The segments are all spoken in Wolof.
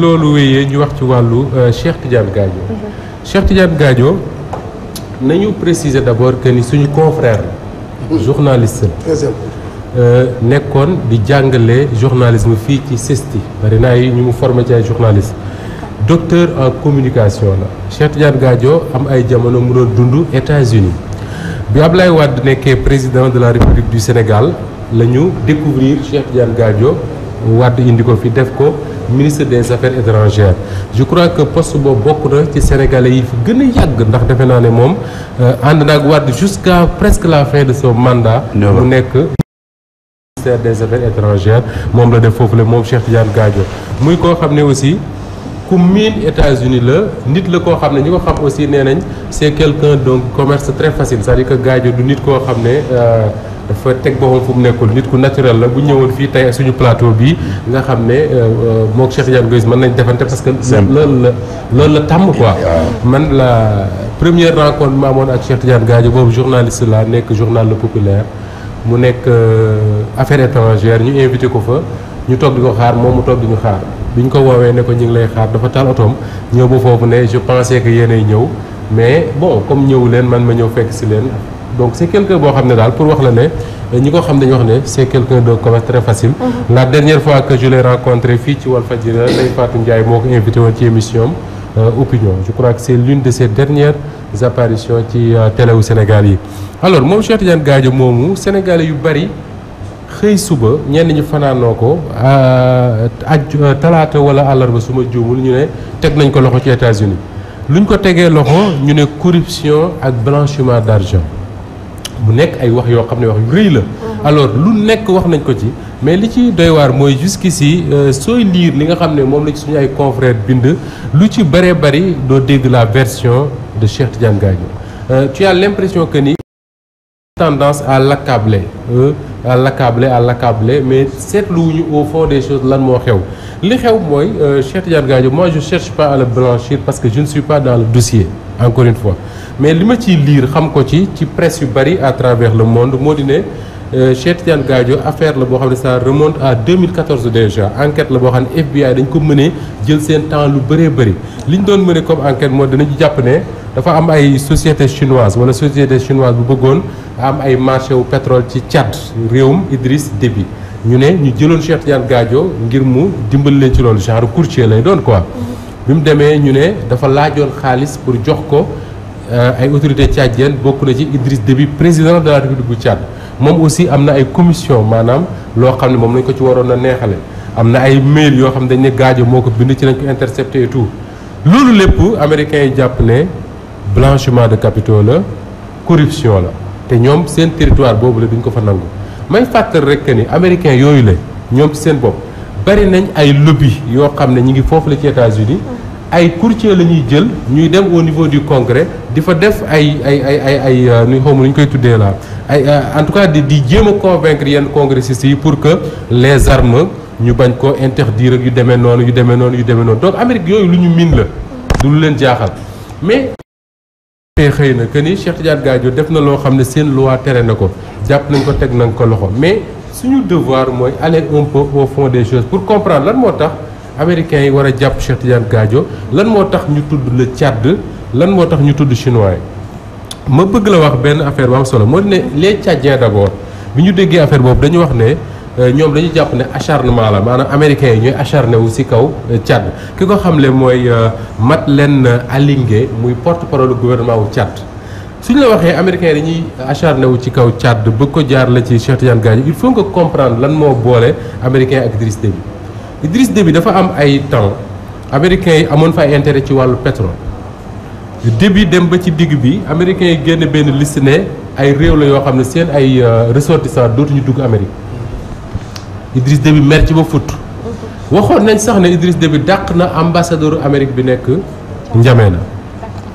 loolu wéyee ñu wax ci wàllu euh, Cheikh Tidiane Gadio. Mhm. Cheikh Tidiane gaajo nañu préciser d' abord que ni suñu confrère la. Mhm. journaliste la. Euh, nekkoon di jàngale journalisme fii ci sesti bari na ay ñu mu formé ci ay docteur en communication la Cheikh Tidiane Gadio am ay jamono mu doon dund États-Unis bi Ablaye Wade nekkee président de la République du Sénégal la ñu découvrir Cheikh Tidiane Gadio Wade indi ko fi def ko. ministre des affaires étrangères je crois que post boobu bokk na ci sénégalais yi fi gën a yàgg ndax defe naa ne moom euh, ànd na naag Wade jusqu'à presque la fin de son mandat mu nekk ministère des affaires étrangères moom la def foofu la moom Cheikh Tidiane Gadio muy koo xam ne aussi ku miin États-Unis la nit la koo xam ne ñu ko xam aussi nee nañ c'est quelqu'un donc commerce très facile c'est-à-dire que Gadio du nit koo xam ne euh, dafa teg boppam fu mu nekkul nit ku naturel la bu ñëwoon fii tey suñu plateau bi nga xam ne euh, euh, moog Cheikh Tidiane Gomis mën nañ defante parce que loolu la loolu la tàmm quoi man la première rencontre ma amoon ak Cheikh Tidiane Gadio boobu journaliste la nekk journal Le Populaire mu nekk euh, affaire étrangère ñu invité ko fa ñu toog di ko xaar moom mu toog di ñu xaar bi ñu ko woowee ne ko ñu ngi lay xaar dafa taal otoom ñëw ba foofu ne je pensais que yéenay ñëw mais bon comme ñëw leen man ma ñëw fekk si leen donc c' est boo xam ne daal pour wax la ne ñi ko xam dañu wax ne c' est quelqu' un de commerce très facile. Mm-hmm. la dernière fois que je l' fii ci Walfadjri Ndeye Fatou Ndiaye moo ko invité woon ci émission am euh, opinion je crois que c' est l'une de ses dernières apparitions ci euh, télé wu Sénégal yi. alors moom Cheikh Tidiane Gadio moomu Sénégalais yu bari xëy suba ñenn ñi fanaanoo ko euh, aj talaata wala àllarba suma juumul ñu ne teg nañ ko loxo ci États-Unis luñ ko tegee loxo ñu ne corruption ak blanchiment d' argent. mu nekk ay wax yoo xam ne wax yu rëy la alors lu nekk wax nañ ko ci mais li ci doy waar mooy jusqu'ici euh, sooy liir li nga xam ne moom la ci suñu ay confrères bind lu ci bëree bëri doo dégg la version de Cheikh Tidiane Gadio euh, tu as l'impression que ni tendance à l'accabler euh, à l'accabler à l'accabler mais seetluwuñu au fond des choses lan moo xew li xew mooy Cheikh Tidiane Gadio moi je cherche pas à le blanchir parce que je ne suis pas dans le dossier encore une fois mais li ma ciy liir xam ko ci ci presse yu bari à travers le monde moo di ne euh, Cheikh Tidiane Gadio affaire la boo xam ne ça remonte à 2014 déjà enquête la boo xam ne FBI dañ ko mënee jël seen temps lu bëree bëri li ñu doon mënee comme enquête moo dinañu jàpp ne dafa am ay société chinoise wala société chinoise bu bëggoon am ay marché wu pétrole ci Tchad réewum Idriss Déby ñu ne ñu jëloon Cheikh Tidiane Gadio ngir mu dimbal leen ci loolu genre courtier lay doon quoi bi mu demee ñu ne dafa laajoon xaalis pour jox ko euh, ay autorités tchadiennes bokk na ci Idriss bi président de la République bu Tchad moom aussi am na ay commission maanaam loo xam ne moom lañ ko ci waroon a neexale am na ay mail yoo xam ne dañ ne gaajo moo ko bind ci lañ ko intercepté et loolu lépp américains yi jàpp ne blanchiment de capitaux la corruption la te ñoom seen territoire boobu la duñ ko fa nangu may fàttal rek ni américains yooyu la ñoom ci seen bopp bari nañ ay lobby yoo xam ne ñi ngi foofu la ci États-Unis ay courtier la ñuy jël ñuy dem au niveau du congrès di fa def ay ay ay ay ay euh, nu xawma nu koy tuddee la ay euh, en tout cas di di jéem a convaincre yenn congressistes yi pour que les armes ñu bañ koo interdire ak yu demee noonu yu demee noonu yu demee noonu donc Amérique yooyu lu ñu miin la du lu leen jaaxal mais te xëy na que ni Cheikh Tidiane Gadio def na loo xam ne seen loi tere na ko jàpp nañ ko teg nañ ko loxo mais suñu devoir mooy aller un peu au fond des choses pour comprendre lan moo tax américains yi war a jàpp Cheikh Tidiane lan moo tax ñu tudd la Tchad lan moo tax ñu tudd chinois ma bëgg la wax benn affaire bu am solo moo di ne les Tchadiens d'abord bi ñu déggee affaire boobu dañu wax ne. Euh, ñoom dañu jàpp ne acharnement la maanaam américains yi ñooy acharné wu ci kaw euh, Tchad ki ko xamle mooy mat euh, Madeleine Alingé muy porte-parole gouvernement wu Tchad suñ la waxee américains yi dañuy acharné wu ci kaw Tchad bëgg ko jaar la ci Cheikh Tidiane Gadio il faut nga comprendre lan moo boole américain ak Idriss Déby Idriss bi dafa am ay temps américains yi amoon fa ay ci wàllu pétrole Déby dem ba ci digg bi américains yi génn benn liste ay réew la yoo xam ne seen ay euh, ressortissants dootuñu dugg Amérique Idriss de mer ci ba fut waxoon nañ sax ne Idriss bi dàq na ambassadeur Amérique bi nekk na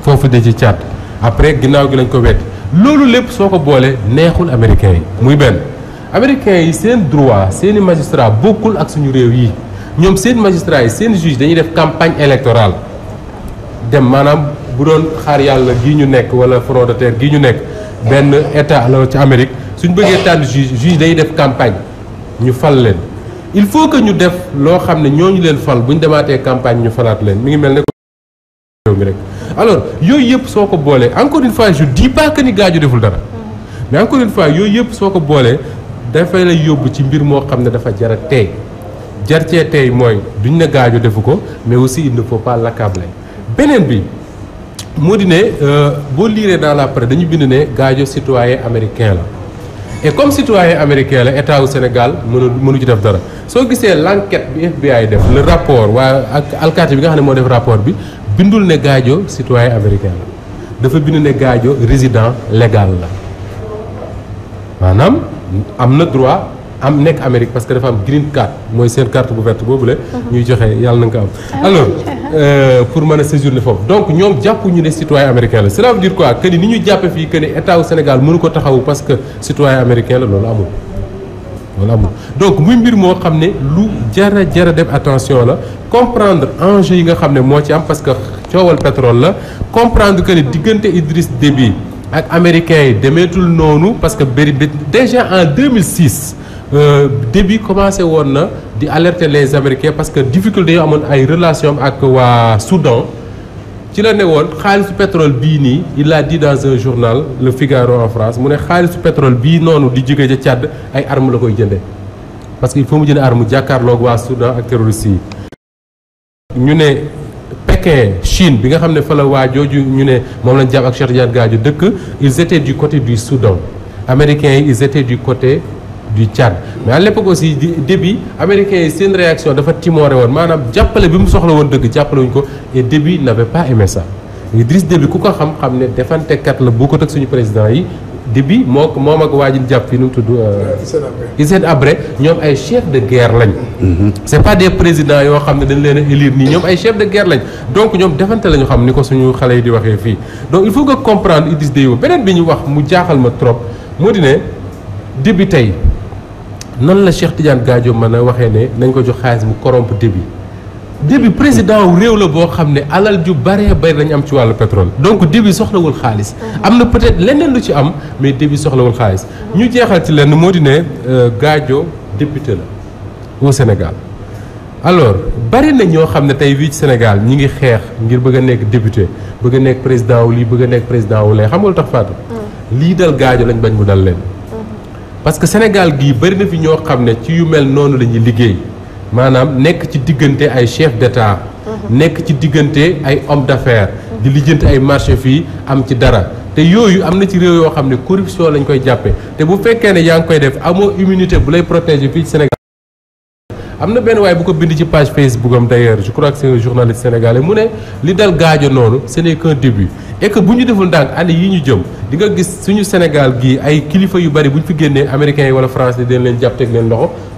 foofu de ci Tchad après ginnaaw gi lañ ko wedd loolu lépp soo ko boolee neexul américains yi muy benn américains yi seen droit seeni magistrat bokkul ak suñu réew yi ñoom seen magistrat yi seen juge dañuy def campagne électorale dem maanaam bu doon xaar yàlla gii ñu nekk wala front de terre gii ñu nekk benn état la ci Amérique suñ bëggee tànn juge juge dañuy def campagne ñu fal leen il faut que ñu def loo xam ne ñooñu leen fal bu ñu demaatee campagne ñu falaat leen mi ngi mel ne réew mi rek alors yooyu yëpp soo ko boolee encore une fois je dis pas que ni gaaju deful dara mais encore une fois yooyu yëpp soo ko boolee dafay lay yóbbu ci mbir moo xam ne dafa jara teey jar cee tey mooy duñ ne gaajo defu ko mais aussi il ne faut pas l'accabler beneen bi moo di ne euh, boo liiree dans la presse dañu bind ne gaajo citoyen américain la et comme citoyen américain la état wu Sénégal mënu mënu ci def dara soo gisee l'enquête bi FBI def le rapport waa ak alkaati bi nga xam ne moo def rapport bi bindul ne gaajo citoyen américain la dafa bind ne gaajo résident légal la maanaam am na droit am nekk Amérique parce que dafa am green card mooy seen carte bu verte boobule. Mhm. ñuy joxe yàlla na nga ko am. Ah, alors euh, pour mën a séjourner foofu donc ñoom ñu ne citoyen américain la cela veut dire quoi que ni ni ñu jàppee fii que ko taxawu parce que citoyen américain la loolu amul. loolu amul donc muy mbir moo xam ne lu jara jara dem attention la comprendre enjeu yi nga xam ne moo ci am parce que coowal pétrole la comprendre que ne diggante Idriss Déby ak américains yi demeetul noonu parce que bëri déjà en 2006. Euh, début commencé woon na di alerter les Américains parce que difficulté yoo amoon ay relation ak waa Soudan ci la ne woon xaalisu pétrole bii nii il la di dans un journal Le Figaro en France mu ne xaalisu pétrole bii noonu di jóge ca Tchad ay armes la koy jëndee parce que il faut mu jënd arme jàkkaarloog waa Soudan ak terroristes yi. ñu ne Pékin Chine bi nga xam ne fa la waa jooju ñu ne moom lañ jàpp ak Cheikh Tidiane Gadio dëkk ils étaient du côté du Soudan américains yi ils étaient côté. du Tchad mais à l'époque aussi début américain yi seen réaction dafa timoré woon maanaam jàppale bi mu soxla woon dëgg jàppale wuñ ko et na n'avait pas aimé ça Idriss ku ko xam-xam ne defantekat la bu ko ak suñu président yi début moo moom ak waa ji jàpp fi nu mu tudd. Euh, Hissène Habré ñoom ay chef de guerre lañ. Mm-hmm. c' est pas des présidents yoo xam ne dañ leen a élire nii ñoom ay chef de guerre lañ donc ñoom defante la ñu xam ni ko suñu xale yi di waxee fii donc il faut nga comprendre Idriss Déby beneen ñu wax mu jaaxal ma trop moo di ne début tey nan la Cheikh Tidiane Gadio mën a waxee ne nañ ko jox xaalis mu corrompre débit débit président wu réew la boo xam ne alal ju bëree bëri lañu am ci wàllu pétrole donc débit soxlawul xaalis mm-hmm. am na peut-être leneen lu ci am mais débit soxlawul xaalis mm-hmm. ñu jeexal ci lenn moo di ne euh, Gadio député la au Sénégal alors bari na ñoo xam ne tey fii ci Sénégal ñi ngi xeex ngir bëgg a nekk député bëgg a nekk président wu lii bëgg a nekk président wu lee xam tax Fatou mm. lii dal Gadio lañ bañ mu dal leen parce que Sénégal gii bëri na fi ñoo xam ne ci yu mel noonu la ñuy liggéey maanaam nekk ci diggante ay chef d'État mhm. nekk ci diggante ay homme d'affaires mhm. di lijjanti ay marché fii am ci dara te yooyu am na ci réew yoo xam ne corruption lañ koy jàppe te bu fekkee ne yaa ngi koy def amoo immunité bu lay protéger fii Sénégal am na benn waaye bu ko bind ci page Facebook am d'ailleurs je mu ne li dal gaajo noonu ce n'est qu'un début bu ñu deful ndànk année yi ñu jëm di nga gis suñu Sénégal gi ay kilifa yu bari bu ñu fi génnee américains yi wala français dañ leen jàpp teg leen loxo.